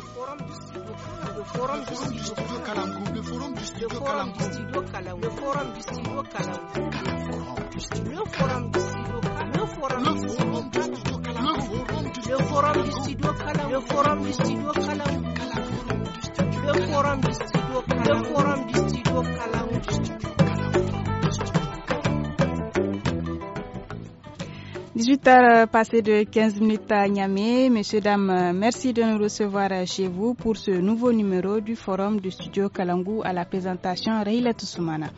forum du studio Le forum du studio Le forum du studio Le forum du studio Le forum du forum du forum du forum du forum du forum du forum du 18h euh, passé de 15 minutes à Niamey. Messieurs, dames, euh, merci de nous recevoir euh, chez vous pour ce nouveau numéro du forum du studio Kalangou à la présentation Reila Toussoumana.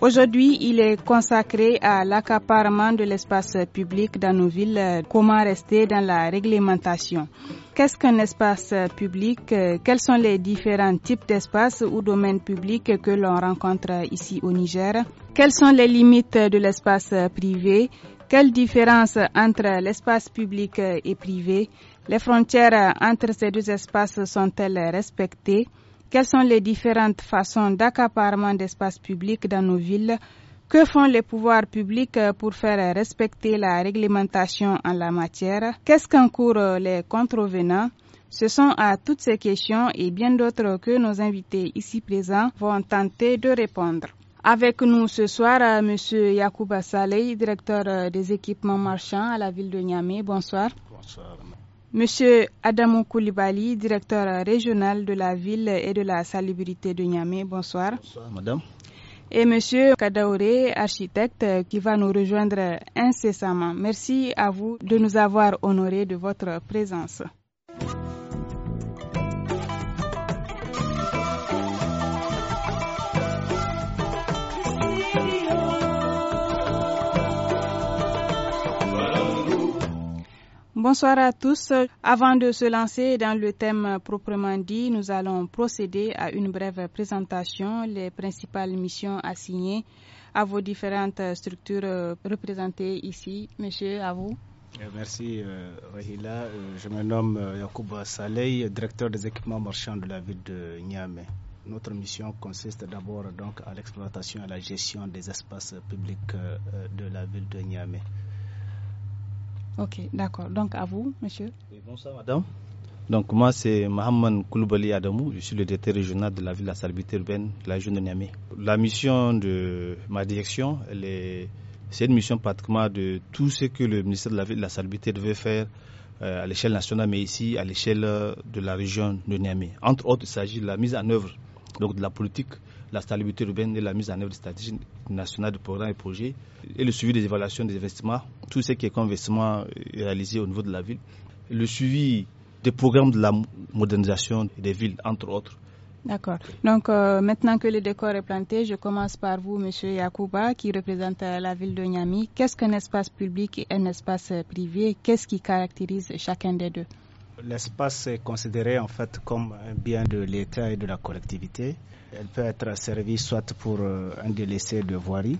Aujourd'hui, il est consacré à l'accaparement de l'espace public dans nos villes. Comment rester dans la réglementation Qu'est-ce qu'un espace public Quels sont les différents types d'espaces ou domaines publics que l'on rencontre ici au Niger Quelles sont les limites de l'espace privé quelle différence entre l'espace public et privé Les frontières entre ces deux espaces sont-elles respectées Quelles sont les différentes façons d'accaparement d'espace public dans nos villes Que font les pouvoirs publics pour faire respecter la réglementation en la matière Qu'est-ce qu'encourent les contrevenants ce sont à toutes ces questions et bien d'autres que nos invités ici présents vont tenter de répondre. Avec nous ce soir, euh, M. Yacouba Saleh, directeur euh, des équipements marchands à la ville de Niamey. Bonsoir. Bonsoir. Monsieur Adamou Koulibaly, directeur euh, régional de la ville et de la salubrité de Niamey. Bonsoir. Bonsoir, madame. Et monsieur Kadaoré, architecte, qui va nous rejoindre incessamment. Merci à vous de nous avoir honorés de votre présence. Bonsoir à tous. Avant de se lancer dans le thème proprement dit, nous allons procéder à une brève présentation, les principales missions assignées à vos différentes structures représentées ici. Monsieur, à vous. Eh, merci euh, Rahila. Euh, je me nomme euh, Yacoub Saleh, directeur des équipements marchands de la ville de Niamey. Notre mission consiste d'abord donc à l'exploitation et à la gestion des espaces publics de la ville de Niamey. Ok, d'accord. Donc à vous, monsieur. bonsoir, madame. Donc moi, c'est Mohamed Kouloubali Adamou. Je suis le directeur régional de la ville de la salubrité urbaine de la région de Niamey. La mission de ma direction, c'est une mission pratiquement de tout ce que le ministère de la ville de la salubrité devait faire euh, à l'échelle nationale, mais ici à l'échelle euh, de la région de Niamey. Entre autres, il s'agit de la mise en œuvre donc de la politique la stabilité urbaine et la mise en œuvre des stratégies nationales de programmes et projets et le suivi des évaluations des investissements, tout ce qui est investissement euh, réalisé au niveau de la ville, le suivi des programmes de la modernisation des villes, entre autres. D'accord. Donc, euh, maintenant que le décor est planté, je commence par vous, monsieur Yakouba, qui représente euh, la ville de Niami. Qu'est-ce qu'un espace public et un espace privé Qu'est-ce qui caractérise chacun des deux L'espace est considéré en fait comme un bien de l'État et de la collectivité. Elle peut être servie soit pour euh, un délaissé de voirie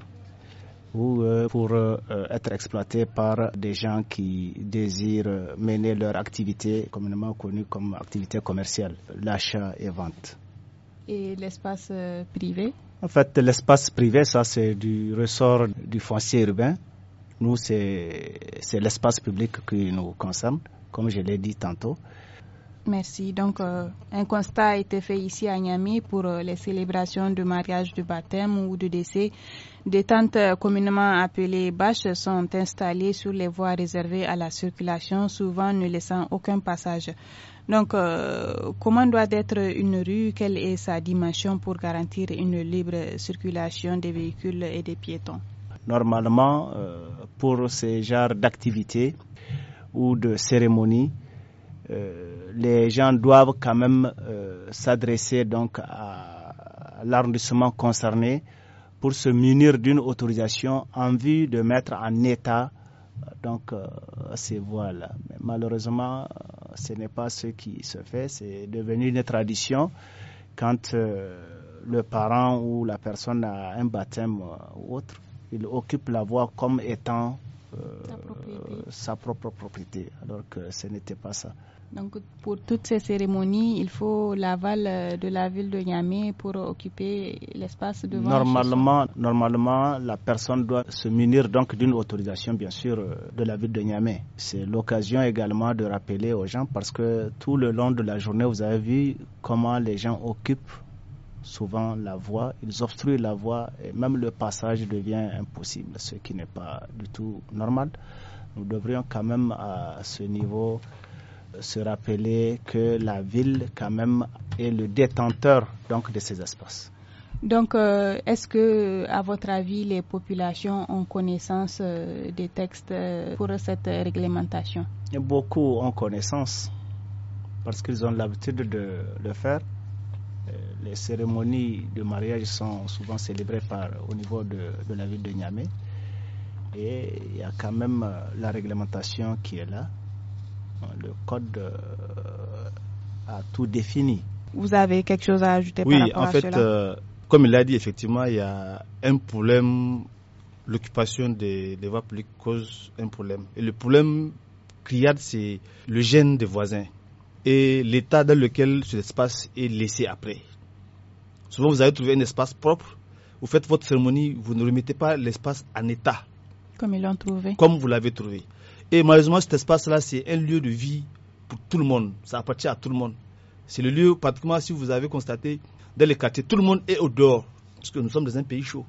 ou euh, pour euh, être exploité par des gens qui désirent mener leur activité communément connue comme activité commerciale, l'achat et vente. Et l'espace privé En fait, l'espace privé, ça c'est du ressort du foncier urbain. Nous, c'est l'espace public qui nous concerne comme je l'ai dit tantôt. Merci. Donc, euh, un constat a été fait ici à Niamey pour euh, les célébrations de mariage, de baptême ou de décès. Des tentes euh, communément appelées bâches sont installées sur les voies réservées à la circulation, souvent ne laissant aucun passage. Donc, comment doit être une rue Quelle est sa dimension pour garantir une libre circulation des véhicules et des piétons Normalement, pour ce genre d'activités, ou de cérémonie, euh, les gens doivent quand même euh, s'adresser donc à l'arrondissement concerné pour se munir d'une autorisation en vue de mettre en état donc euh, ces voies malheureusement, ce n'est pas ce qui se fait, c'est devenu une tradition quand le parent ou la personne a un baptême ou autre, il occupe la voie comme étant euh, sa propre propriété, alors que ce n'était pas ça. Donc pour toutes ces cérémonies, il faut l'aval euh, de la ville de Niamey pour occuper l'espace de normalement, normalement, la personne doit se munir donc d'une autorisation, bien sûr, euh, de la ville de Niamey. C'est l'occasion également de rappeler aux gens parce que tout le long de la journée, vous avez vu comment les gens occupent souvent la voie, ils obstruent la voie et même le passage devient impossible, ce qui n'est pas du tout normal. Nous devrions quand même à ce niveau euh, se rappeler que la ville quand même est le détenteur donc de ces espaces. Donc, euh, est-ce que, à votre avis, les populations ont connaissance euh, des textes pour cette réglementation Beaucoup ont connaissance parce qu'ils ont l'habitude de le faire les cérémonies de mariage sont souvent célébrées par, au niveau de, de la ville de Niamey. Et il y a quand même euh, la réglementation qui est là. Euh, le code euh, a tout défini. Vous avez quelque chose à ajouter oui, par rapport en fait, comme il l'a dit, effectivement, il y a un problème. L'occupation des, des voies publiques cause un problème. Et le problème criade, c'est le gène des voisins et l'état dans lequel cet espace est laissé après. Souvent, vous avez trouvé un espace propre, vous faites votre cérémonie, vous ne remettez pas l'espace en état. Comme ils l'ont trouvé. Comme vous l'avez trouvé. Et malheureusement, cet espace-là, c'est un lieu de vie pour tout le monde. Ça appartient à tout le monde. C'est le lieu, pratiquement, si vous avez constaté, dans les quartiers, tout le monde est au dehors. Parce que nous sommes dans un pays chaud.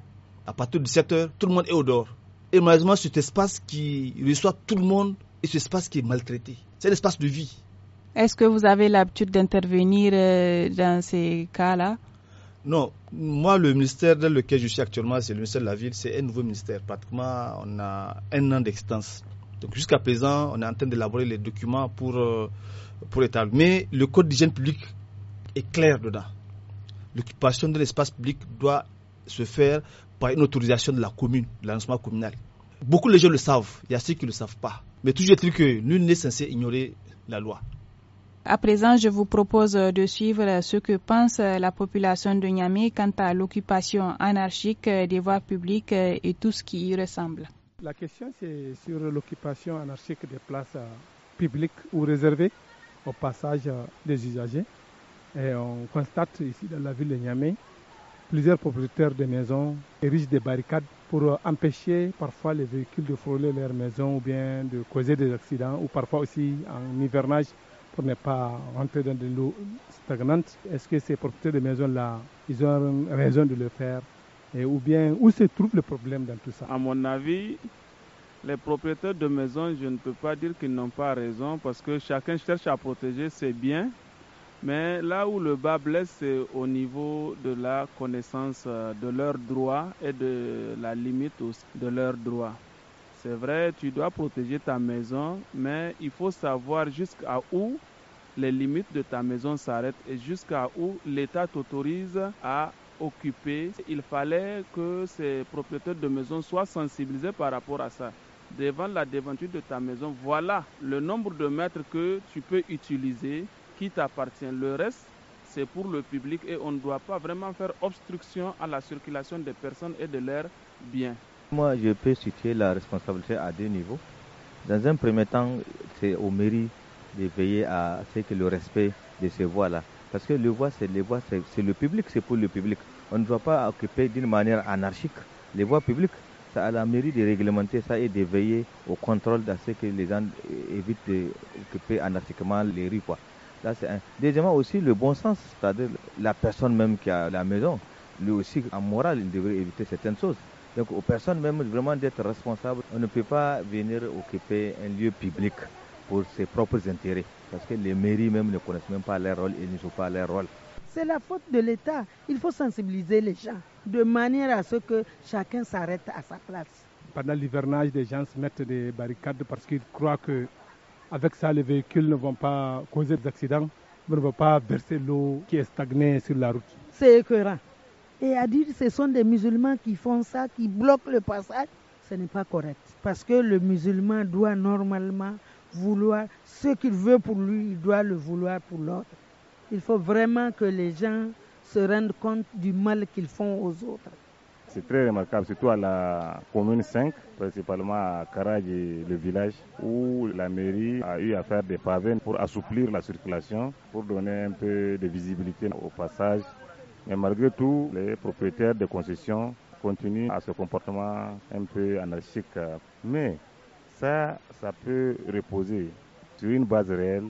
À partir de 7 heures, tout le monde est au dehors. Et malheureusement, cet espace qui reçoit tout le monde est cet espace qui est maltraité. C'est l'espace de vie. Est-ce que vous avez l'habitude d'intervenir euh, dans ces cas-là non, moi, le ministère dans lequel je suis actuellement, c'est le ministère de la Ville, c'est un nouveau ministère. Pratiquement, on a un an d'existence. Donc, jusqu'à présent, on est en train d'élaborer les documents pour, euh, pour établir. Mais le code d'hygiène public est clair dedans. L'occupation de l'espace public doit se faire par une autorisation de la commune, de l'annoncement communal. Beaucoup de gens le savent, il y a ceux qui ne le savent pas. Mais toujours est-il que nul n'est censé ignorer la loi. À présent, je vous propose de suivre ce que pense la population de Niamey quant à l'occupation anarchique des voies publiques et tout ce qui y ressemble. La question, c'est sur l'occupation anarchique des places euh, publiques ou réservées au passage euh, des usagers. on constate ici dans la ville de Niamey plusieurs propriétaires de maisons érigent des barricades pour euh, empêcher parfois les véhicules de frôler leurs maisons ou bien de causer des accidents ou parfois aussi en hivernage n'est pas rentré dans des l'eau stagnantes, Est-ce que ces propriétaires de maisons-là, ils ont raison de le faire et, Ou bien, où se trouve le problème dans tout ça À mon avis, les propriétaires de maisons, je ne peux pas dire qu'ils n'ont pas raison parce que chacun cherche à protéger ses biens. Mais là où le bas blesse, c'est au niveau de la connaissance euh, de leurs droits et de la limite de leurs droits c'est vrai, tu dois protéger ta maison, mais il faut savoir jusqu'à où les limites de ta maison s'arrêtent et jusqu'à où l'État t'autorise à occuper. Il fallait que ces propriétaires de maison soient sensibilisés par rapport à ça. Devant la devanture de ta maison, voilà le nombre de mètres que tu peux utiliser qui t'appartient. Le reste, c'est pour le public et on ne doit pas vraiment faire obstruction à la circulation des personnes et de leurs biens. Moi, je peux situer la responsabilité à deux niveaux. Dans un premier temps, c'est au mairie de veiller à ce que le respect de ces voies-là. Parce que les voies, c'est les voies, c'est le public, c'est pour le public. On ne doit pas occuper d'une manière anarchique les voies publiques. C'est à la mairie de réglementer ça et de veiller au contrôle de ce que les gens évitent d'occuper anarchiquement les rues. c'est Deuxièmement, aussi le bon sens, c'est-à-dire la personne même qui a la maison, lui aussi, en morale, il devrait éviter certaines choses. Donc aux personnes même vraiment d'être responsables, on ne peut pas venir occuper un lieu public pour ses propres intérêts, parce que les mairies même ne connaissent même pas leur rôle et ne jouent pas leur rôle. C'est la faute de l'État. Il faut sensibiliser les gens de manière à ce que chacun s'arrête à sa place. Pendant l'hivernage, les gens se mettent des barricades parce qu'ils croient que avec ça, les véhicules ne vont pas causer des accidents, ne vont pas verser l'eau qui est stagnée sur la route. C'est écœurant et à dire ce sont des musulmans qui font ça, qui bloquent le passage, ce n'est pas correct. Parce que le musulman doit normalement vouloir ce qu'il veut pour lui, il doit le vouloir pour l'autre. Il faut vraiment que les gens se rendent compte du mal qu'ils font aux autres. C'est très remarquable, surtout à la commune 5, principalement à Karaj et le village, où la mairie a eu à faire des pavés pour assouplir la circulation, pour donner un peu de visibilité au passage et malgré tout, les propriétaires de concessions continuent à ce comportement un peu anarchique. Mais ça, ça peut reposer sur une base réelle,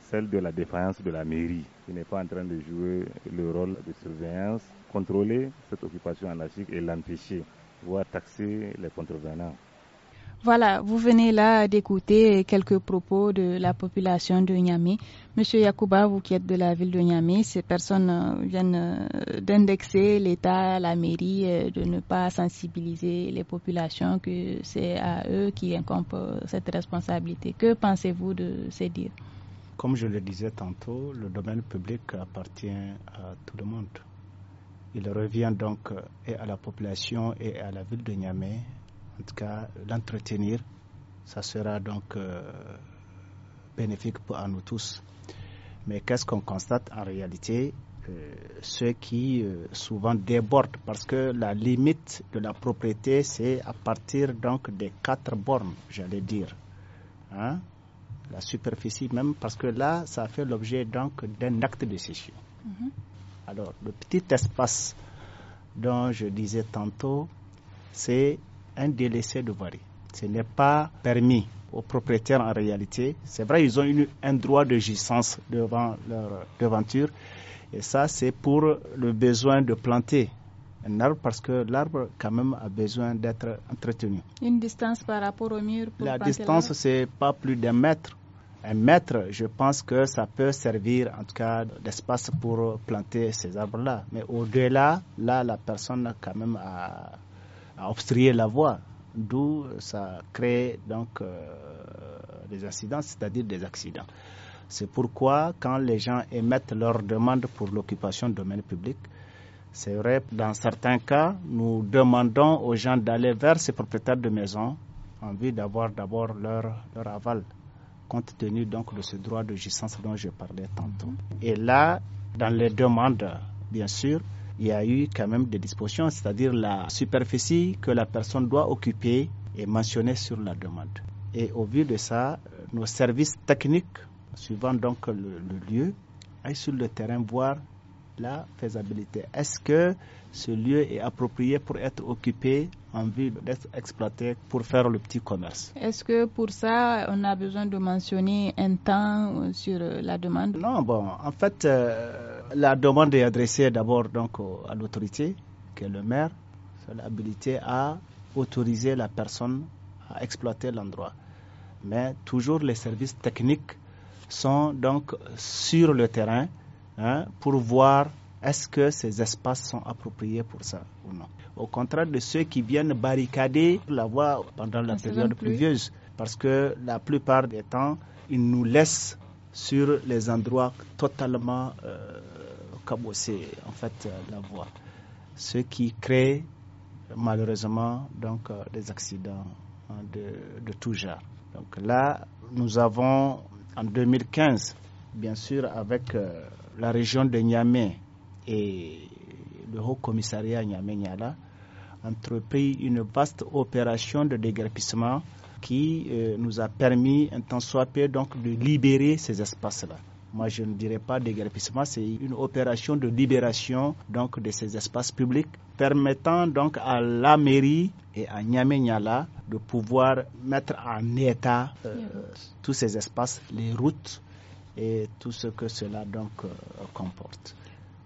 celle de la défense de la mairie, qui n'est pas en train de jouer le rôle de surveillance, contrôler cette occupation anarchique et l'empêcher, voire taxer les contrevenants. Voilà, vous venez là d'écouter quelques propos de la population de Niamey. Monsieur Yacouba, vous qui êtes de la ville de Niamey, ces personnes euh, viennent euh, d'indexer l'État, la mairie, euh, de ne pas sensibiliser les populations, que c'est à eux qui incombe cette responsabilité. Que pensez-vous de ces dires Comme je le disais tantôt, le domaine public appartient à tout le monde. Il revient donc et à la population et à la ville de Niamey en tout cas l'entretenir. Ça sera donc euh, bénéfique pour à nous tous. Mais qu'est-ce qu'on constate en réalité Ce euh, Ceux qui euh, souvent débordent, parce que la limite de la propriété, c'est à partir donc des quatre bornes, j'allais dire. Hein. La superficie même, parce que là, ça fait l'objet donc d'un acte de cession. Mm-hmm. Alors, le petit espace dont je disais tantôt, c'est un délaissé de voirie. Ce n'est pas permis aux propriétaires en réalité. C'est vrai, ils ont eu un droit de jouissance devant leur devanture. Et ça, c'est pour le besoin de planter un arbre parce que l'arbre quand même a besoin d'être entretenu. Une distance par rapport au mur pour La distance, c'est pas plus d'un mètre. Un mètre, je pense que ça peut servir en tout cas d'espace pour planter ces arbres-là. Mais au-delà, là, la personne quand même a à obstruer la voie. D'où ça crée donc euh, des incidents, c'est-à-dire des accidents. C'est pourquoi quand les gens émettent leurs demande pour l'occupation de domaine public, c'est vrai, dans certains cas, nous demandons aux gens d'aller vers ces propriétaires de maisons en vue d'avoir d'abord leur, leur aval, compte tenu donc de ce droit de jouissance dont je parlais tantôt. Et là, dans les demandes, bien sûr, il y a eu quand même des dispositions, c'est-à-dire la superficie que la personne doit occuper est mentionnée sur la demande. Et au vu de ça, euh, nos services techniques, suivant donc le, lieu, aillent sur le terrain voir la faisabilité. Est-ce que ce lieu est approprié pour être occupé envie d'être exploité pour faire le petit commerce. Est-ce que pour ça, on a besoin de mentionner un temps euh, sur euh, la demande Non, bon, en fait, euh, la demande est adressée d'abord donc à l'autorité, qui est le maire, sur l'habilité à autoriser la personne à exploiter l'endroit. Mais toujours les services techniques sont donc sur le terrain hein, pour voir est-ce que ces espaces sont appropriés pour ça ou non Au contraire de ceux qui viennent barricader la voie pendant la période pluvieuse, parce que la plupart des temps, ils nous laissent sur les endroits totalement euh, cabossés, en fait, euh, la voie. Ce qui crée malheureusement donc, euh, des accidents hein, de, tout genre. Donc là, nous avons en 2015, bien sûr, avec la région de Niamey, et le Haut Commissariat à a entrepris une vaste opération de déguerpissement qui euh, nous a permis un temps soit peu donc de libérer ces espaces-là. Moi, je ne dirais pas déguerpissement, c'est une opération de libération donc de ces espaces publics permettant donc à la mairie et à Nyamenyala de pouvoir mettre en état euh, tous ces espaces, les routes et tout ce que cela donc euh, comporte.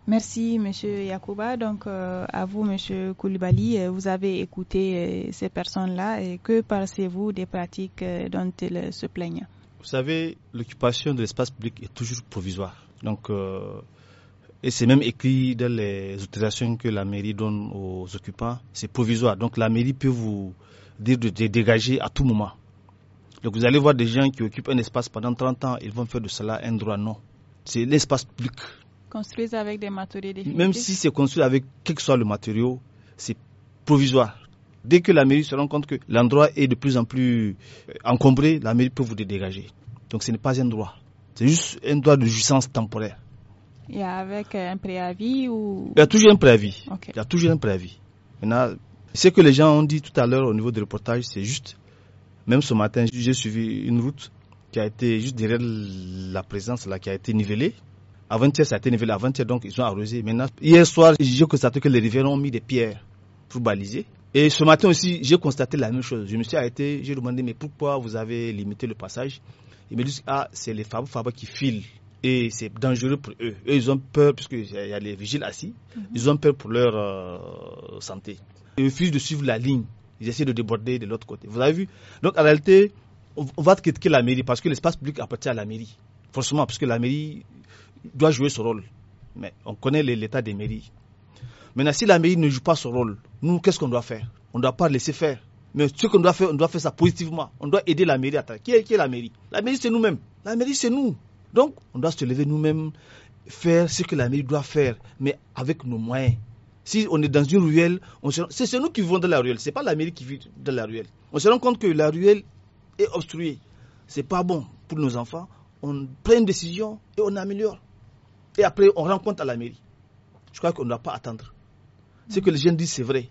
Merci, Monsieur Yacouba. Donc, euh, à vous, Monsieur Koulibaly, euh, vous avez écouté euh, ces personnes-là. Et que pensez-vous des pratiques dont elles se plaignent Vous savez, l'occupation de l'espace public est toujours provisoire. Donc, et c'est même écrit dans les autorisations que la mairie donne aux occupants. C'est provisoire. Donc, la mairie peut vous dire de, de dégager à tout moment. Donc, vous allez voir des gens qui occupent un espace pendant 30 ans, ils vont faire de cela un droit. Non. C'est l'espace public. Construisent avec des matériaux Même si c'est construit avec quel que soit le matériau, c'est provisoire. Dès que la mairie se rend compte que l'endroit est de plus en plus euh, encombré, la mairie peut vous dégager. Donc ce n'est pas un droit. C'est juste un droit de jouissance temporaire. Et avec euh, un préavis ou... Il y a toujours un préavis. Il y a toujours un préavis. ce que les gens ont dit tout à l'heure au niveau du reportage, c'est juste. Même ce matin, j'ai suivi une route qui a été juste derrière la présence là, qui a été nivelée. Avant-hier, ça a été Avant-hier, donc, ils ont arrosé. Maintenant, hier soir, j'ai constaté que les rivières ont mis des pierres pour baliser. Et ce matin aussi, j'ai constaté la même chose. Je me suis arrêté, j'ai demandé, mais pourquoi vous avez limité le passage Ils me disent, ah, c'est les fabres qui filent. Et c'est dangereux pour eux. Eux, ils ont peur, puisque il y a les vigiles assis, mhm. ils ont peur pour leur euh, santé. Ils refusent de suivre la ligne. Ils essaient de déborder de l'autre côté. Vous avez vu Donc, en réalité, on va critiquer la mairie parce que l'espace public appartient à la mairie. Forcément, parce que la mairie doit jouer son rôle. Mais on connaît l'état des mairies. Maintenant, si la mairie ne joue pas son rôle, nous, qu'est-ce qu'on doit faire On ne doit pas laisser faire. Mais ce qu'on doit faire, on doit faire ça positivement. On doit aider la mairie à travailler. Qui est, la mairie La mairie, c'est nous-mêmes. La mairie, c'est nous. Donc, on doit se lever nous-mêmes, faire ce que la mairie doit faire, mais avec nos moyens. Si on est dans une ruelle, c'est nous qui vivons dans la ruelle, n'est pas la mairie qui vit dans la ruelle. On se rend compte que la ruelle est obstruée. Ce n'est pas bon pour nos enfants. On prend une décision et on améliore. Et après, on rencontre à la mairie. Je crois qu'on ne doit pas attendre. Ce que les gens disent, c'est vrai.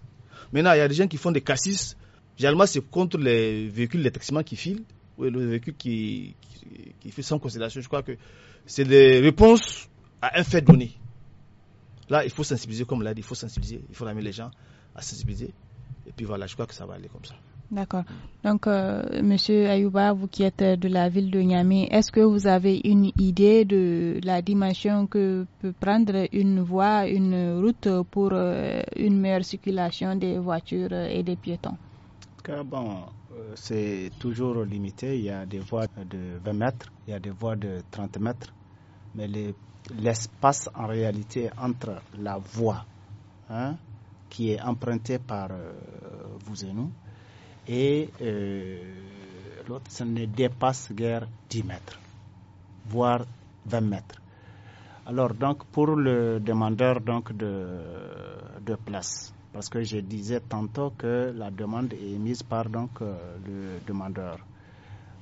Maintenant, il y a des gens qui font des cassis. Généralement, c'est contre les véhicules, les taxis qui filent, ou les véhicules qui, qui, sans considération. Je crois que c'est des réponses à un fait donné. Là, il faut sensibiliser, comme l'a dit, il faut sensibiliser, il faut amener les gens à sensibiliser. Et puis voilà, je crois que ça va aller comme ça. D'accord. Donc, euh, Monsieur Ayouba, vous qui êtes euh, de la ville de Niamey, est-ce que vous avez une idée de la dimension que peut prendre une voie, une route pour euh, une meilleure circulation des voitures et des piétons Car bon, c'est toujours limité. Il y a des voies de 20 mètres, il y a des voies de 30 mètres, mais l'espace en réalité entre la voie hein, qui est empruntée par vous et nous et euh, l'autre, ça ne dépasse guère 10 mètres, voire 20 mètres. Alors, donc, pour le demandeur donc, de, place, parce que je disais tantôt que la demande est mise par donc, euh, le demandeur.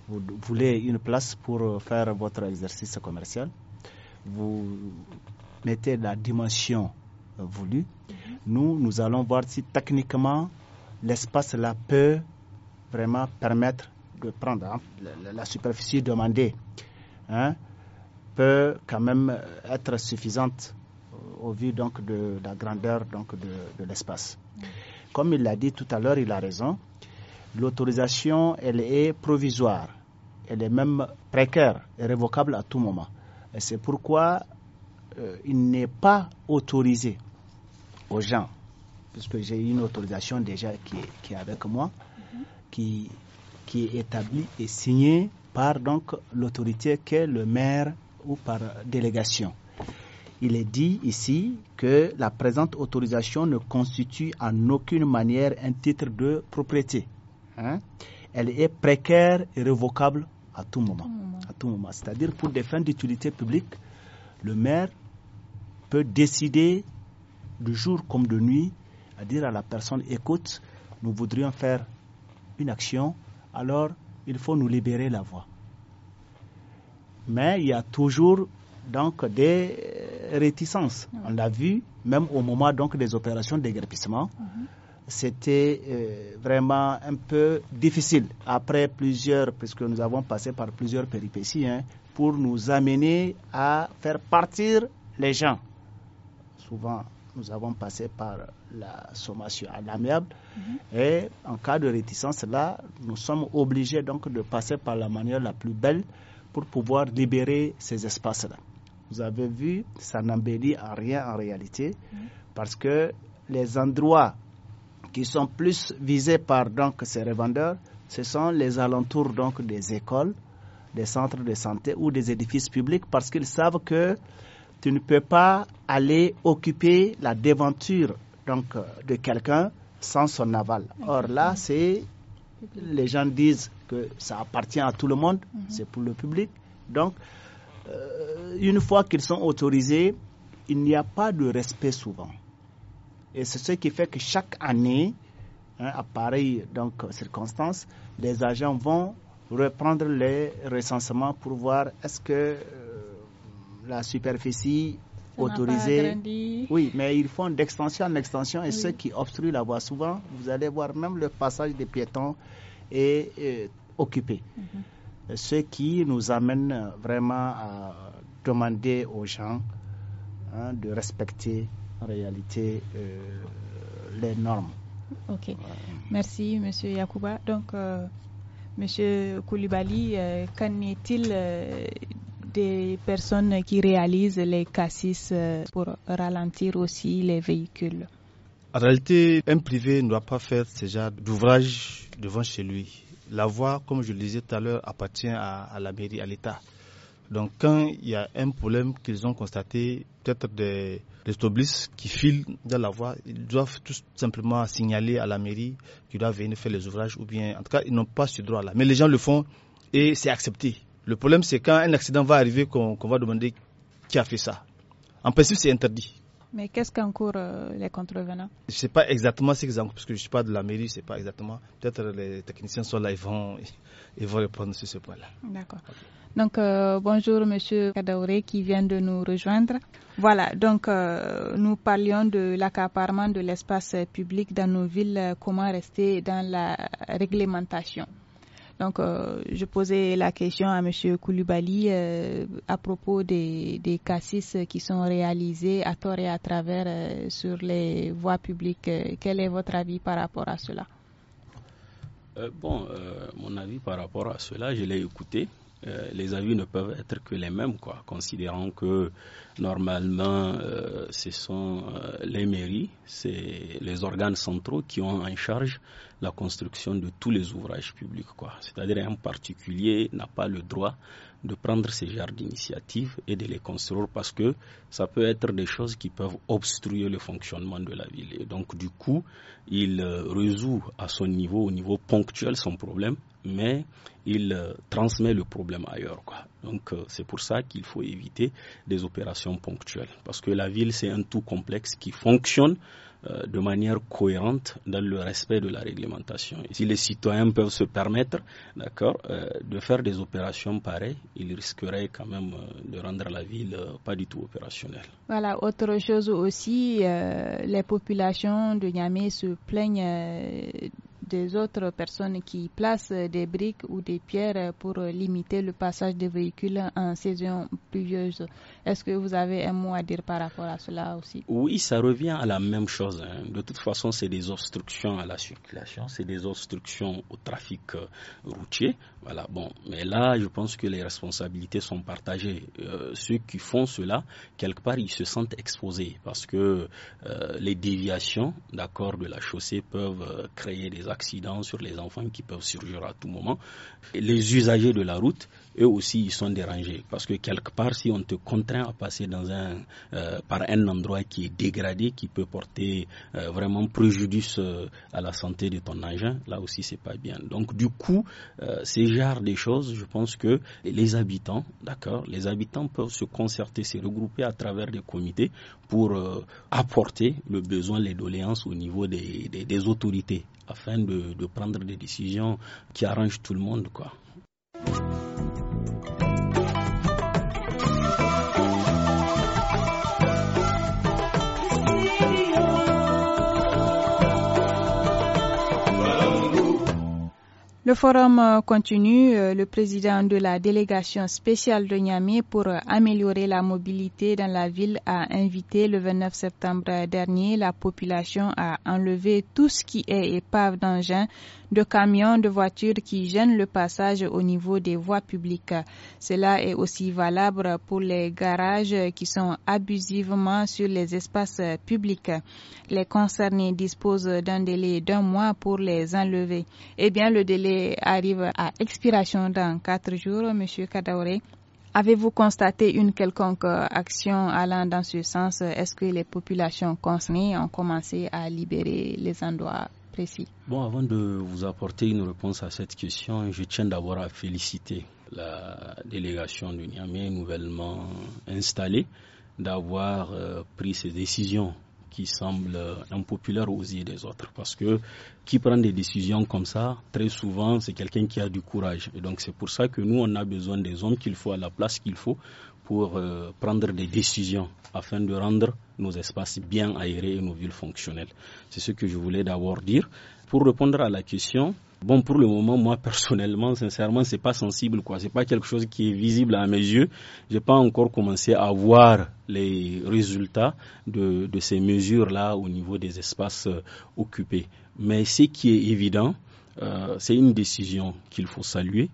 Vous voulez une place pour faire votre exercice commercial, vous mettez la dimension euh, voulue. Mm-hmm. Nous, nous allons voir si techniquement l'espace-là peut vraiment permettre de prendre hein, la, superficie demandée, hein, peut quand même être suffisante au, vu donc de, la grandeur de, l'espace. Comme il l'a dit tout à l'heure, il a raison. L'autorisation, elle est provisoire, elle est même précaire et révocable à tout moment. c'est pourquoi euh, il n'est pas autorisé aux gens que j'ai une autorisation déjà qui est, avec moi, qui, qui est établie et signée par donc l'autorité qu'est le maire ou par délégation. Il est dit ici que la présente autorisation ne constitue en aucune manière un titre de propriété. Hein. Elle est précaire et révocable à tout moment. À tout moment. C'est-à-dire pour des fins d'utilité publique, le maire peut décider de jour comme de nuit à dire à la personne, écoute, nous voudrions faire une action, alors il faut nous libérer la voie. Mais il y a toujours donc des réticences. On l'a vu même au moment donc des opérations d'égrépissement. Mhm. C'était euh, vraiment un peu difficile après plusieurs, puisque nous avons passé par plusieurs péripéties, hein, pour nous amener à faire partir les gens. Souvent, nous avons passé par la sommation à l'amiable. Mhm. Et en cas de réticence, là, nous sommes obligés donc de passer par la manière la plus belle pour pouvoir libérer ces espaces-là. Vous avez vu, ça n'embellit à rien en réalité, mhm. parce que les endroits qui sont plus visés par donc, ces revendeurs, ce sont les alentours donc, des écoles, des centres de santé ou des édifices publics, parce qu'ils savent que tu ne peux pas aller occuper la déventure donc, euh, de quelqu'un sans son aval. Or là, c'est les gens disent que ça appartient à tout le monde, mhm. c'est pour le public. Donc, euh, une fois qu'ils sont autorisés, il n'y a pas de respect souvent. Et c'est ce qui fait que chaque année, hein, à pareille donc, circonstance, les agents vont reprendre les recensements pour voir est-ce que euh, la superficie autorisée. Oui, mais ils font d'extension en extension et ceux qui obstruent la voie, souvent, vous allez voir même le passage des piétons est euh, occupé. Mhm. Euh, Ce qui nous amène euh, vraiment à demander aux gens hein, de respecter en réalité les normes. Ok, merci Monsieur Yacouba. Donc, euh, Monsieur Koulibaly, qu'en est-il des personnes qui réalisent les cassis euh, pour ralentir aussi les véhicules. En réalité, un privé ne doit pas faire ce genre d'ouvrage devant chez lui. La voie, comme je le disais tout à l'heure, appartient à, la mairie, à l'État. Donc quand il y a un problème qu'ils ont constaté, peut-être des, des qui filent dans la voie, ils doivent tout simplement signaler à la mairie qu'ils doivent venir faire les ouvrages ou bien, en tout cas, ils n'ont pas ce droit-là. Mais les gens le font et c'est accepté. Le problème, c'est quand un accident va arriver qu'on va demander qui a fait ça. En principe, c'est interdit. Mais qu'est-ce qu'encourent euh, les contrevenants Je ne sais pas exactement ce qu'ils parce que je ne suis pas de la mairie, je ne sais pas exactement. Peut-être les techniciens sont là, ils vont, vont répondre sur ce point-là. D'accord. Donc, euh, bonjour, monsieur Kadaouré, qui vient de nous rejoindre. Voilà, donc, euh, nous parlions de l'accaparement de l'espace public dans nos villes, comment rester dans la réglementation. Donc, euh, je posais la question à M. Koulubali euh, à propos des, cassis qui sont réalisés à tort et à travers euh, sur les voies publiques. Quel est votre avis par rapport à cela Bon, mon avis par rapport à cela, je l'ai écouté. Euh, les avis ne peuvent être que les mêmes, quoi, considérant que normalement euh, ce sont euh, les mairies, c'est les organes centraux qui ont en charge la construction de tous les ouvrages publics, quoi. C'est-à-dire un particulier n'a pas le droit de prendre ces jardins d'initiatives et de les construire parce que ça peut être des choses qui peuvent obstruer le fonctionnement de la ville. Et donc, du coup, il euh, résout à son niveau, au niveau ponctuel, son problème, mais il euh, transmet le problème ailleurs. Quoi. Donc, euh, c'est pour ça qu'il faut éviter des opérations ponctuelles parce que la ville, c'est un tout complexe qui fonctionne euh, de manière cohérente dans le respect de la réglementation. si les citoyens peuvent se permettre, d'accord, euh, de faire des opérations pareilles, ils risqueraient quand même euh, de rendre la ville pas du tout opérationnelle. Voilà, autre chose aussi, les populations de Niamey se plaignent des autres personnes qui placent des briques ou des pierres pour limiter le passage des véhicules en saison pluvieuse. Est-ce que vous avez un mot à dire par rapport à cela aussi Oui, ça revient à la même chose. Hein. De toute façon, c'est des obstructions à la circulation, c'est des obstructions au trafic euh, routier. Voilà, bon, mais là, je pense que les responsabilités sont partagées. Euh, ceux qui font cela, quelque part, ils se sentent exposés parce que euh, les déviations, d'accord, de la chaussée peuvent créer des accidents sur les enfants qui peuvent surgir à tout moment. Les usagers de la route eux aussi ils sont dérangés. Parce que quelque part, si on te contraint à passer dans un, euh, par un endroit qui est dégradé, qui peut porter euh, vraiment préjudice euh, à la santé de ton agent, là aussi c'est pas bien. Donc du coup, ces genres de choses, je pense que les habitants, d'accord, les habitants peuvent se concerter, se regrouper à travers des comités pour apporter le besoin, les doléances au niveau des, autorités afin de, de, prendre des décisions qui arrangent tout le monde. Quoi. Le forum euh, continue. Euh, le président de la délégation spéciale de Niamey pour euh, améliorer la mobilité dans la ville a invité le 29 septembre dernier la population à enlever tout ce qui est épave d'engin de camions, de voitures qui gênent le passage au niveau des voies publiques. Cela est aussi valable pour les garages qui sont abusivement sur les espaces publics. Les concernés disposent d'un délai d'un mois pour les enlever. Eh bien, le délai arrive à expiration dans quatre jours, Monsieur Kadaoré. Avez-vous constaté une quelconque action allant dans ce sens Est-ce que les populations concernées ont commencé à libérer les endroits Bon, avant de vous apporter une réponse à cette question, je tiens d'abord à féliciter la délégation du Niamey nouvellement installée d'avoir euh, pris ces décisions qui semblent impopulaires aux yeux des autres. Parce que qui prend des décisions comme ça, très souvent, c'est quelqu'un qui a du courage. Et donc, c'est pour ça que nous, on a besoin des hommes qu'il faut à la place qu'il faut pour euh, prendre des décisions afin de rendre nos espaces bien aérés et nos villes fonctionnelles. C'est ce que je voulais d'abord dire. Pour répondre à la question, Bon, pour le moment, moi, personnellement, sincèrement, c'est pas sensible, quoi. C'est pas quelque chose qui est visible à mes yeux. J'ai pas encore commencé à voir les résultats de, de ces mesures-là au niveau des espaces euh, occupés. Mais ce qui est évident, euh, c'est une décision qu'il faut saluer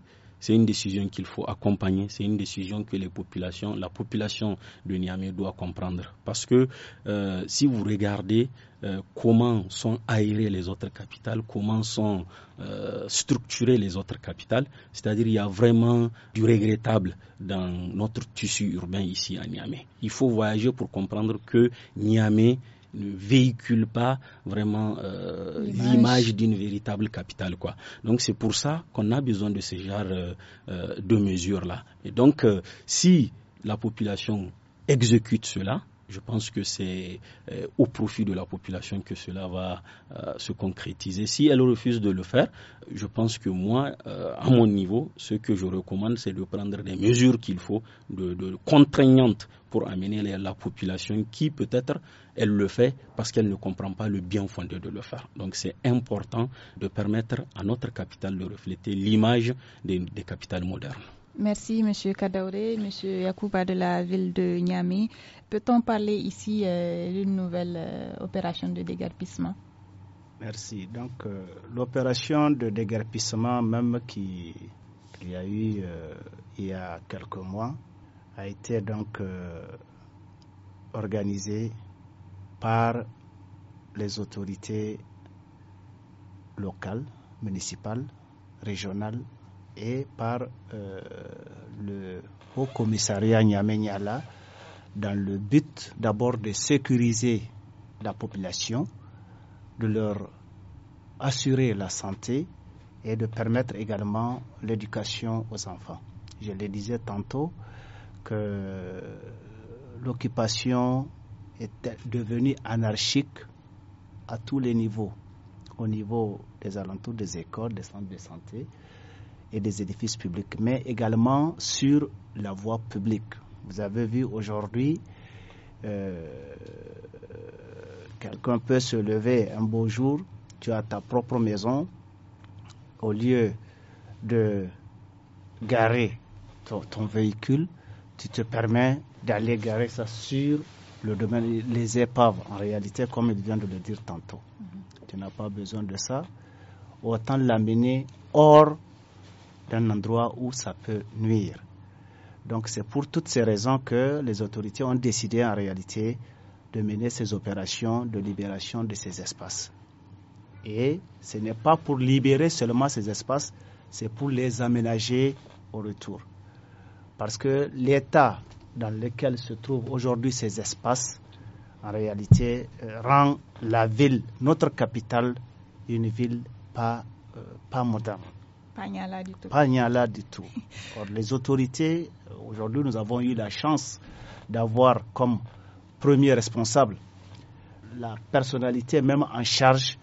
c'est une décision qu'il faut accompagner, c'est une décision que les populations, la population de Niamey doit comprendre. Parce que euh, si vous regardez euh, comment sont aérées les autres capitales, comment sont euh, structurées les autres capitales, c'est-à-dire il y a vraiment du regrettable dans notre tissu urbain ici à Niamey. Il faut voyager pour comprendre que Niamey ne véhicule pas vraiment euh, l'image d'une véritable capitale. Donc c'est pour ça qu'on a besoin de ce genre euh, euh, de mesures-là. Et donc si la population exécute cela, je pense que c'est euh, au profit de la population que cela va euh, se concrétiser. Si elle refuse de le faire, je pense que moi, euh, à mon niveau, ce que je recommande, c'est de prendre des mesures qu'il faut, de, contraignantes pour amener la, population qui peut-être elle le fait parce qu'elle ne comprend pas le bien fondé de le faire. Donc c'est important de permettre à notre capitale de refléter l'image des, des capitales modernes. Merci, M. Kadaoré, M. Yakuba de la ville de Niamey. Peut-on parler ici euh, d'une nouvelle euh, opération de dégarpissement Merci. Donc, euh, l'opération de dégarpissement, même qui, qu'il y a eu il y a quelques mois, a été donc organisée par les autorités locales, municipales, régionales et par le Haut Commissariat Nyame dans le but d'abord de sécuriser la population, de leur assurer la santé et de permettre également l'éducation aux enfants. Je le disais tantôt que l'occupation est devenue anarchique à tous les niveaux, au niveau des alentours des écoles, des centres de santé et des édifices publics, mais également sur la voie publique. Vous avez vu aujourd'hui, euh, quelqu'un peut se lever un beau jour, tu as ta propre maison, au lieu de garer ton, véhicule, tu te permets d'aller garer ça sur le domaine, les épaves, en réalité, comme il vient de le dire tantôt. Mhm. Tu n'as pas besoin de ça. Autant l'amener hors d'un endroit où ça peut nuire. Donc c'est pour toutes ces raisons que les autorités ont décidé en réalité de mener ces opérations de libération de ces espaces. Et ce n'est pas pour libérer seulement ces espaces, c'est pour les aménager au retour. Parce que l'état dans lequel se trouvent aujourd'hui ces espaces, en réalité, euh, rend la ville, notre capitale, une ville pas, euh, pas moderne. Pas Niala du tout. du tout. les autorités, aujourd'hui, nous avons eu la chance d'avoir comme premier responsable la personnalité même en charge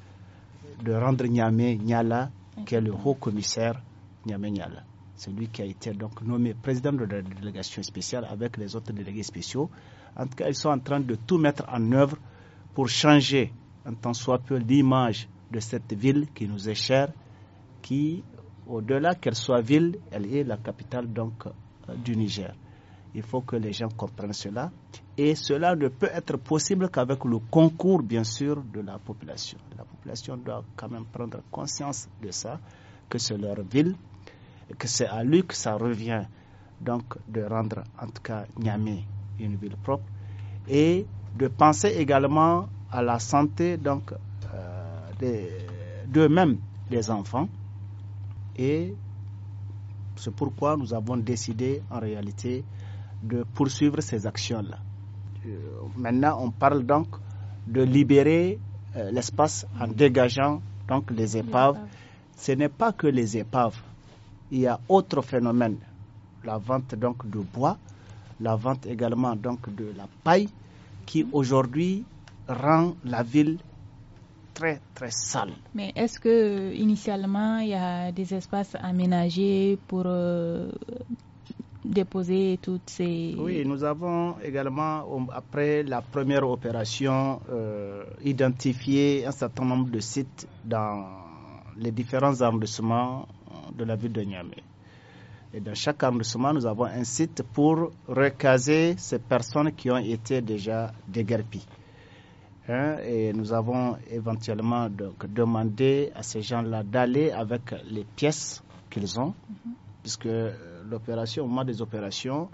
de rendre Niamey Niala, qui est le haut commissaire Niamey Niala. C'est qui a été donc nommé président de la délégation spéciale avec les autres délégués spéciaux. En tout cas, ils sont en train de tout mettre en œuvre pour changer, en tant soit peu, l'image de cette ville qui nous est chère, qui au-delà qu'elle soit ville, elle est la capitale donc euh, du Niger. Il faut que les gens comprennent cela. Et cela ne peut être possible qu'avec le concours, bien sûr, de la population. La population doit quand même prendre conscience de ça, que c'est leur ville, que c'est à lui que ça revient, donc de rendre en tout cas Niamey une ville propre. Et de penser également à la santé donc euh, d'eux-mêmes, des enfants et c'est pourquoi nous avons décidé en réalité de poursuivre ces actions-là. Euh, maintenant, on parle donc de libérer euh, l'espace en dégageant donc les épaves. Ce n'est pas que les épaves. Il y a autre phénomène, la vente donc de bois, la vente également donc de la paille, qui aujourd'hui rend la ville très très sale. Mais est-ce que initialement il y a des espaces aménagés pour euh, déposer toutes ces... Oui, nous avons également, après la première opération, euh, identifié un certain nombre de sites dans les différents arrondissements de la ville de Niamey. Et dans chaque arrondissement, nous avons un site pour recaser ces personnes qui ont été déjà déguerpies et nous avons éventuellement donc demandé à ces gens-là d'aller avec les pièces qu'ils ont, mhm. puisque euh, l'opération, au moment des opérations,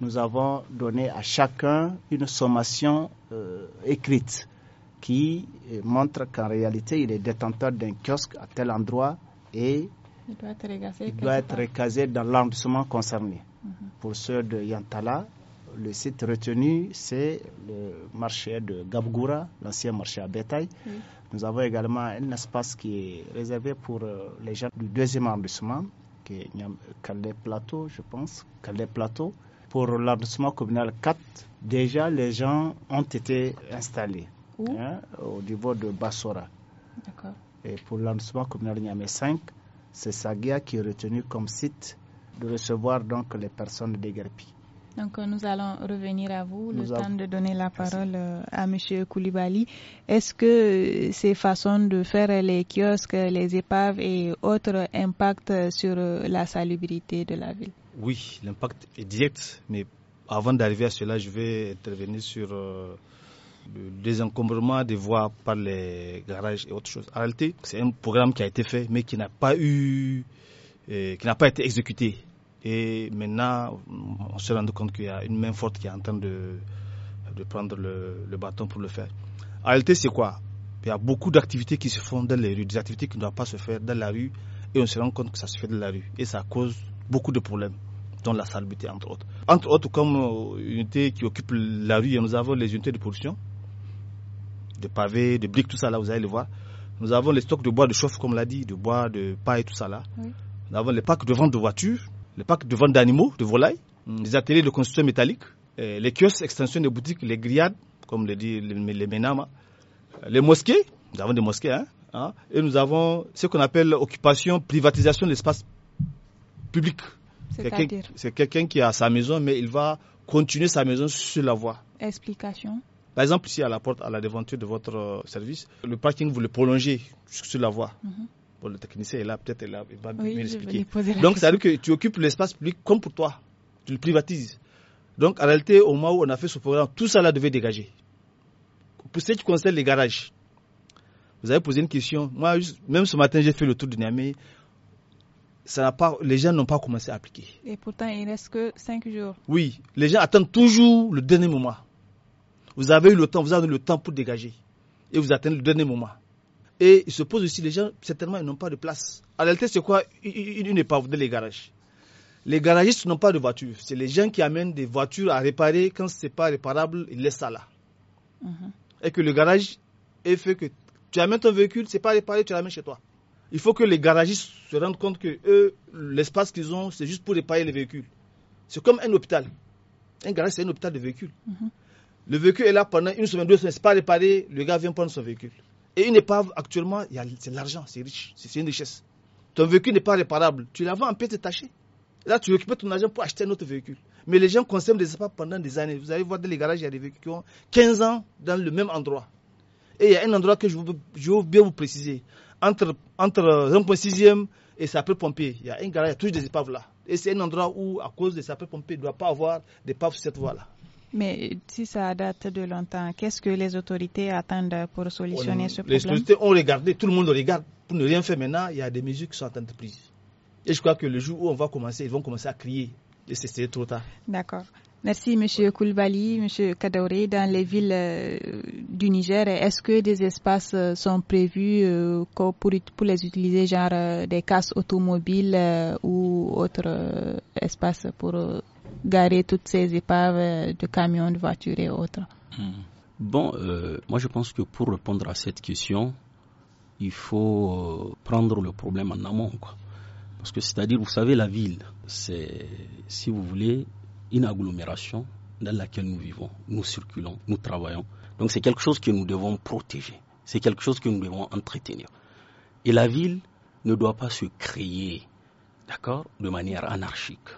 nous avons donné à chacun une sommation euh, écrite qui euh, montre qu'en réalité, il est détenteur d'un kiosque à tel endroit et il doit être casé dans l'arrondissement concerné. Mhm. Pour ceux de Yantala, le site retenu, c'est le marché de Gabgoura, l'ancien marché à bétail. Nous avons également un espace qui est réservé pour euh, les gens du deuxième arrondissement, qui est Calais Plateau, je pense, Plateau. Pour l'arrondissement communal 4, déjà les gens ont été installés hein, au niveau de Bassora. Et pour l'arrondissement communal 5, c'est Sagia qui est retenu comme site de recevoir donc les personnes déguerpies. Donc euh, nous allons revenir à vous, le temps de donner la parole euh, à Monsieur Koulibaly. Est-ce que euh, ces façons de faire les kiosques, les épaves et autres impactent sur la salubrité de la ville Oui, l'impact est direct, mais avant d'arriver à cela, je vais intervenir sur le désencombrement des voies par les garages et autres choses. En c'est un programme qui a été fait, mais qui n'a pas eu, qui n'a pas été exécuté. Et maintenant, on se rend compte qu'il y a une main forte qui est en train de, de prendre le, le bâton pour le faire. En c'est quoi Il y a beaucoup d'activités qui se font dans les rues, des activités qui ne doivent pas se faire dans la rue, et on se rend compte que ça se fait dans la rue. Et ça cause beaucoup de problèmes, dont la salubrité, entre autres. Entre autres, comme euh, unité qui occupe la rue, nous avons les unités de production, de pavés, de briques, tout ça là, vous allez le voir. Nous avons les stocks de bois de chauffe, comme l'a dit, de bois, de paille, tout ça là. Nous avons les packs de vente de voitures le parc de vente d'animaux, de volailles, hum, les ateliers de construction métallique, euh, les kiosques, extensions de boutiques, les grillades, comme le dit les, les Ménama, euh, les mosquées, nous avons des mosquées, hein, hein et nous avons ce qu'on appelle occupation, privatisation de l'espace public. C'est quelqu'un qui a sa maison, mais il va continuer sa maison sur la voie. Explication. Par exemple, ici à la porte, à la devanture de votre euh, service, le parking, vous le prolongez sur la voie. Mhm le technicien est là, peut-être il va oui, expliquer. Donc, ça veut dire que tu occupes l'espace public comme pour toi. Tu le privatises. Donc, en réalité, au moment où on a fait ce programme, tout ça là devait dégager. Pour ce qui concerne les garages, vous avez posé une question. Moi, même ce matin, j'ai fait le tour de Niamey. Ça pas, les gens n'ont pas commencé à appliquer. Et pourtant, il reste que 5 jours. Oui, les gens attendent toujours le dernier moment. Vous avez eu le temps, vous avez eu le temps pour dégager. Et vous attendez le dernier moment. Et il se pose aussi, les gens, certainement, ils n'ont pas de place. À réalité, c'est quoi une épave dans les garages Les garagistes n'ont pas de voiture. C'est les gens qui amènent des voitures à réparer. Quand ce n'est pas réparable, ils laissent ça là. Mhm. Et que le garage est fait que tu amènes ton véhicule, ce n'est pas réparé, tu l'amènes chez toi. Il faut que les garagistes se rendent compte que eux, l'espace qu'ils ont, c'est juste pour réparer les véhicules. C'est comme un hôpital. Un garage, c'est un hôpital de véhicules. Mhm. Le véhicule est là pendant une semaine, deux semaines, c'est pas réparé, le gars vient prendre son véhicule. Et une épave, actuellement, c'est l'argent, c'est riche, c'est une richesse. Ton véhicule n'est pas réparable. Tu l'as en pièces taché. Là, tu récupères ton argent pour acheter un autre véhicule. Mais les gens consomment des épaves pendant des années. Vous allez voir dans les garages, il y a des véhicules qui ont 15 ans dans le même endroit. Et il y a un endroit que je veux, bien vous préciser. Entre, entre 1.6e euh, et saper pompier il y a un garage, il y a toujours des épaves là. Et c'est un endroit où, à cause sa saper pompée il ne doit pas avoir d'épave sur cette voie-là. Mais si ça date de longtemps, qu'est-ce que les autorités attendent pour solutionner ce problème Les autorités ont regardé, tout le monde regarde. Pour ne rien faire maintenant, il y a des mesures qui sont entreprises. Et je crois que le jour où on va commencer, ils vont commencer à crier. Et c'est trop tard. D'accord. Merci, Monsieur Koulbali, Monsieur Kadouré. Dans les villes euh, du Niger, est-ce que des espaces euh, sont prévus euh, pour, pour, les utiliser, genre des casses automobiles ou autres espaces pour garer toutes ces épaves euh, de camions, de voitures et autres hmm. Bon, euh, moi je pense que pour répondre à cette question, il faut euh, prendre le problème en amont. Quoi. Parce que c'est-à-dire, vous savez, la ville, c'est, si vous voulez, une agglomération dans laquelle nous vivons, nous circulons, nous travaillons. Donc c'est quelque chose que nous devons protéger, c'est quelque chose que nous devons entretenir. Et la ville ne doit pas se créer, d'accord, de manière anarchique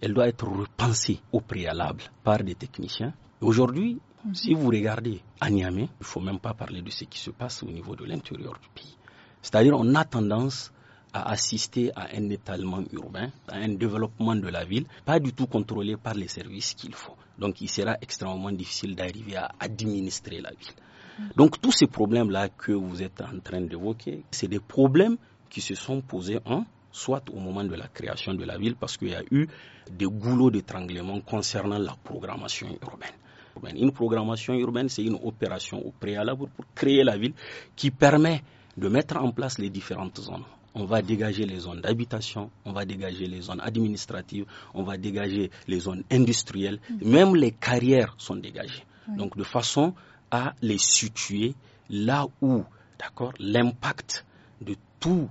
elle doit être repensée au préalable par des techniciens. Aujourd'hui, mhm. si vous regardez à Niamey, il ne faut même pas parler de ce qui se passe au niveau de l'intérieur du pays. C'est-à-dire on a tendance à assister à un étalement urbain, à un développement de la ville, pas du tout contrôlé par les services qu'il faut. Donc il sera extrêmement difficile d'arriver à administrer la ville. Mhm. Donc tous ces problèmes-là que vous êtes en train d'évoquer, c'est des problèmes qui se sont posés en soit au moment de la création de la ville, parce qu'il y a eu des goulots d'étranglement concernant la programmation urbaine. Une programmation urbaine, c'est une opération au préalable pour créer la ville qui permet de mettre en place les différentes zones. On va dégager les zones d'habitation, on va dégager les zones administratives, on va dégager les zones industrielles, mm-hmm. même les carrières sont dégagées. Donc de façon à les situer là où, d'accord, l'impact de tout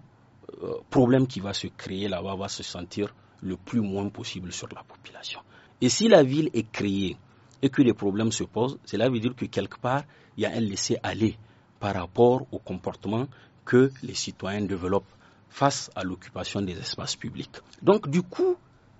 euh, problème qui va se créer là-bas va se sentir le plus moins possible sur la population. Et si la ville est créée et que les problèmes se posent, cela veut dire que quelque part, il y a un laisser-aller par rapport au comportement que les citoyens développent face à l'occupation des espaces publics. Donc du coup,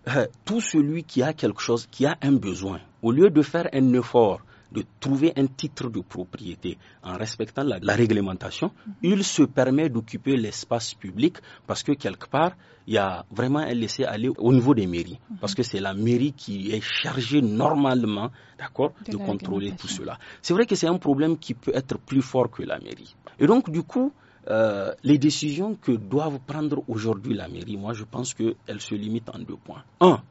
euh, tout celui qui a quelque chose, qui a un besoin, au lieu de faire un effort de trouver un titre de propriété. En respectant la, la réglementation, il se permet d'occuper l'espace public parce que quelque part, il y a vraiment un laisser aller au niveau des mairies. Mhm. Parce que c'est la mairie qui est chargée normalement, d'accord, de, contrôler tout cela. C'est vrai que c'est un problème qui peut être plus fort que la mairie. Et donc, du coup, euh, les décisions que doivent prendre aujourd'hui la mairie, moi je pense qu'elles se limitent en deux points. Un,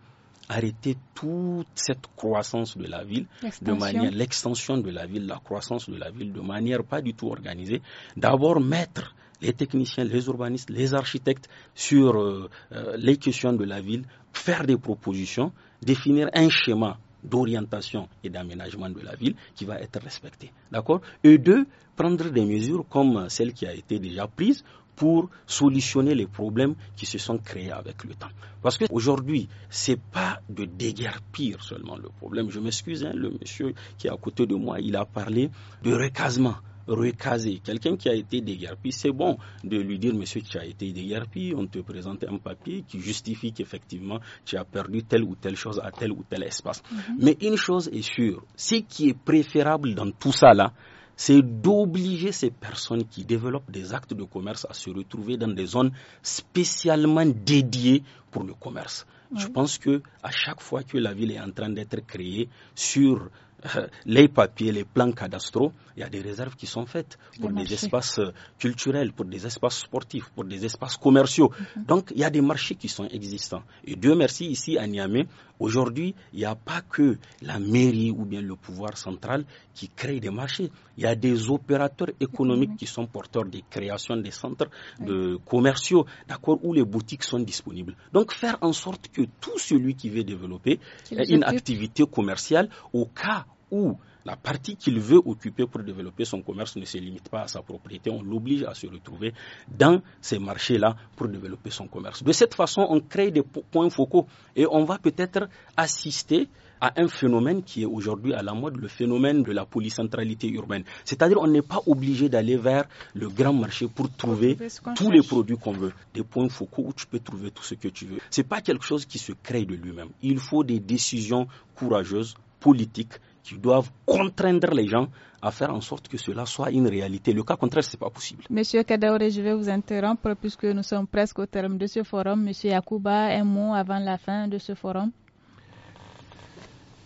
arrêter toute cette croissance de la ville, de manière l'extension de la ville, la croissance de la ville, de manière pas du tout organisée. D'abord mettre les techniciens, les urbanistes, les architectes sur euh, euh, les questions de la ville, faire des propositions, définir un schéma d'orientation et d'aménagement de la ville qui va être respecté. D'accord Et deux, prendre des mesures comme celle qui a été déjà prise pour solutionner les problèmes qui se sont créés avec le temps. Parce qu'aujourd'hui, ce n'est pas de déguerpir seulement le problème. Je m'excuse, hein, le monsieur qui est à côté de moi, il a parlé de recasement recaser. Quelqu'un qui a été déguerpi, c'est bon de lui dire, monsieur, tu as été déguerpi, on te présente un papier qui justifie qu'effectivement tu as perdu telle ou telle chose à tel ou tel espace. Mhm. Mais une chose est sûre, ce qui est préférable dans tout ça là, c'est d'obliger ces personnes qui développent des actes de commerce à se retrouver dans des zones spécialement dédiées pour le commerce. Je pense que à chaque fois que la ville est en train d'être créée sur euh, les papiers, les plans cadastraux, il y a des réserves qui sont faites pour des espaces euh, culturels, pour des espaces sportifs, pour des espaces commerciaux. Mhm. Donc, il y a des marchés qui sont existants. Et Dieu merci, ici à Niamey, Aujourd'hui, il n'y a pas que la mairie ou bien le pouvoir central qui crée des marchés. Il y a des opérateurs économiques qui sont porteurs des créations des centres de commerciaux, d'accord, où les boutiques sont disponibles. Donc faire en sorte que tout celui qui veut développer une activité commerciale, au cas où la partie qu'il veut occuper pour développer son commerce ne se limite pas à sa propriété, on l'oblige à se retrouver dans ces marchés-là pour développer son commerce. De cette façon, on crée des points focaux et on va peut-être assister à un phénomène qui est aujourd'hui à la mode, le phénomène de la polycentralité urbaine. C'est-à-dire on n'est pas obligé d'aller vers le grand marché pour trouver tous les produits qu'on veut. Des points focaux où tu peux trouver tout ce que tu veux. Ce n'est pas quelque chose qui se crée de lui-même. Il faut des décisions courageuses, politiques, ils doivent contraindre les gens à faire en sorte que cela soit une réalité. Le cas contraire, ce n'est pas possible. Monsieur Kadaoré, je vais vous interrompre puisque nous sommes presque au terme de ce forum. Monsieur Yakuba, un mot avant la fin de ce forum.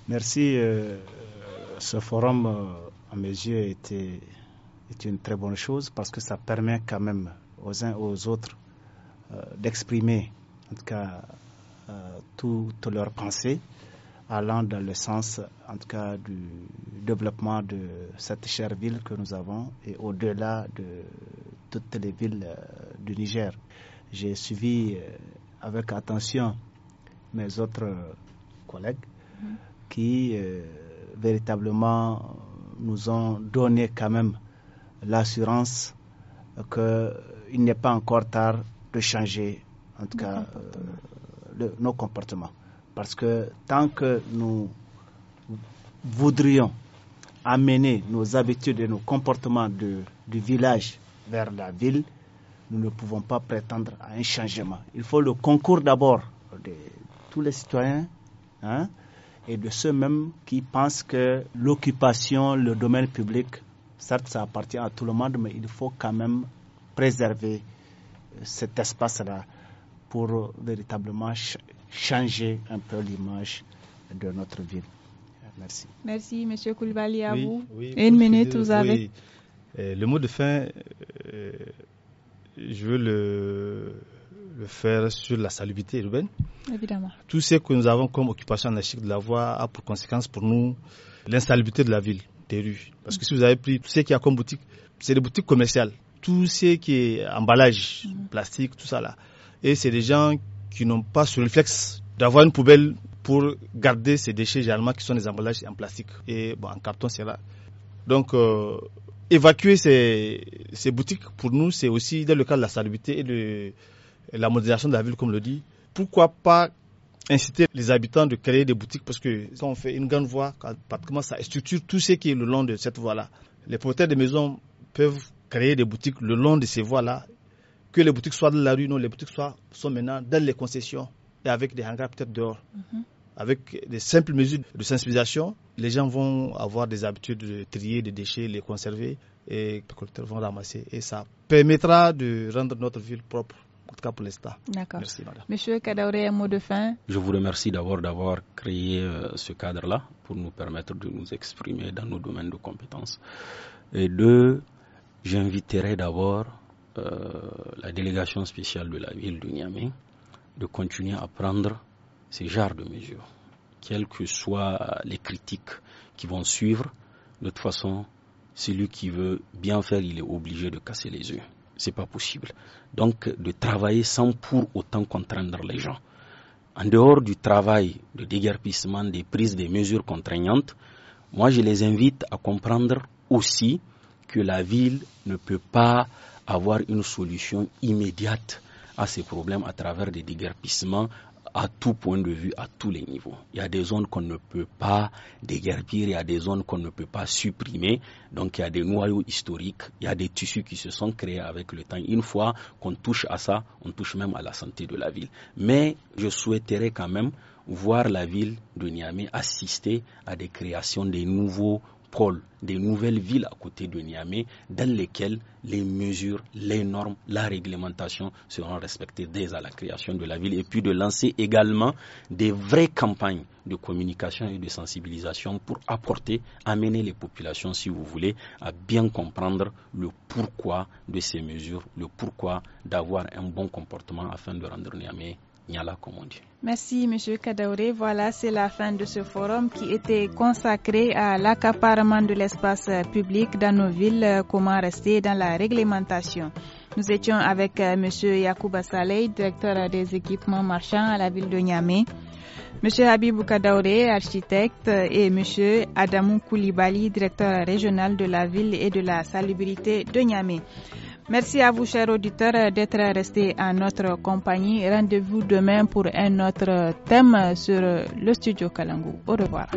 Merci. Euh, ce forum, à mes yeux, est une très bonne chose parce que ça permet quand même aux uns et aux autres euh, d'exprimer, en tout cas, euh, toutes leurs pensées allant dans le sens, en tout cas, du développement de cette chère ville que nous avons et au-delà de toutes les villes euh, du Niger. J'ai suivi euh, avec attention mes autres euh, collègues qui véritablement nous ont donné quand même l'assurance qu'il n'est pas encore tard de changer, en tout cas, nos comportements. Parce que tant que nous voudrions amener nos habitudes et nos comportements du village vers la ville, nous ne pouvons pas prétendre à un changement. Il faut le concours d'abord de tous les citoyens hein, et de ceux mêmes qui pensent que l'occupation, le domaine public, certes ça appartient à tout le monde, mais il faut quand même préserver euh, cet espace-là pour euh, véritablement changer un peu l'image de notre ville. Merci. Merci, M. Koulbali, à vous. Une minute, vous avez. Euh, le mot de fin, euh, je veux le, le, faire sur la salubrité urbaine. Évidemment. Tout ce que nous avons comme occupation anarchique de la voie a pour conséquence pour nous l'insalubrité de la ville, des rues. Parce que si vous avez pris tout ce qu'il y a comme boutique, c'est des boutiques commerciales. Tout ce qui est emballage, mm. plastique, tout ça là. Et c'est des gens qui n'ont pas ce réflexe d'avoir une poubelle pour garder ces déchets, généralement qui sont des emballages en plastique et bon, en carton, c'est là. Donc, euh, évacuer ces, ces, boutiques, pour nous, c'est aussi dans le cadre de la salubrité et de la modernisation de la ville, comme le dit. Pourquoi pas inciter les habitants de créer des boutiques parce que quand on fait une grande voie, pratiquement ça structure tout ce qui est le long de cette voie-là. Les propriétaires de maisons peuvent créer des boutiques le long de ces voies-là que les boutiques soient de la rue, non, les boutiques soient, sont maintenant dans les concessions et avec des hangars peut-être dehors. Mhm. Avec des simples mesures de sensibilisation, les gens vont avoir des habitudes de trier des déchets, les conserver et les collecteurs vont ramasser. Et ça permettra de rendre notre ville propre, en tout cas pour l'État. D'accord. Merci, madame. Monsieur Kadaoré, un mot de fin Je vous remercie d'abord d'avoir créé euh, ce cadre-là pour nous permettre de nous exprimer dans nos domaines de compétences. Et deux, j'inviterai d'abord euh, la délégation spéciale de la ville de Niamey de continuer à prendre ces genres de mesures. Quelles que soient les critiques qui vont suivre, de toute façon, celui qui veut bien faire, il est obligé de casser les yeux. C'est pas possible. Donc, de travailler sans pour autant contraindre les gens. En dehors du travail de déguerpissement, des prises des mesures contraignantes, moi, je les invite à comprendre aussi que la ville ne peut pas avoir une solution immédiate à ces problèmes à travers des déguerpissements à tout point de vue, à tous les niveaux. Il y a des zones qu'on ne peut pas déguerpir, il y a des zones qu'on ne peut pas supprimer. Donc il y a des noyaux historiques, il y a des tissus qui se sont créés avec le temps. Une fois qu'on touche à ça, on touche même à la santé de la ville. Mais je souhaiterais quand même voir la ville de Niamey assister à des créations des nouveaux des nouvelles villes à côté de Niamey dans lesquelles les mesures, les normes, la réglementation seront respectées dès à la création de la ville et puis de lancer également des vraies campagnes de communication et de sensibilisation pour apporter, amener les populations, si vous voulez, à bien comprendre le pourquoi de ces mesures, le pourquoi d'avoir un bon comportement afin de rendre Niamey Merci, Monsieur Kadaouré. Voilà, c'est la fin de ce forum qui était consacré à l'accaparement de l'espace public dans nos villes, comment rester dans la réglementation. Nous étions avec euh, M. Yacouba Saleh, directeur des équipements marchands à la ville de Niamey. M. Habibou Kadaouré, architecte, et M. Adamou Koulibaly, directeur régional de la ville et de la salubrité de Niamey. Merci à vous, chers auditeurs, d'être restés à notre compagnie. Rendez-vous demain pour un autre thème sur le studio Kalangu. Au revoir.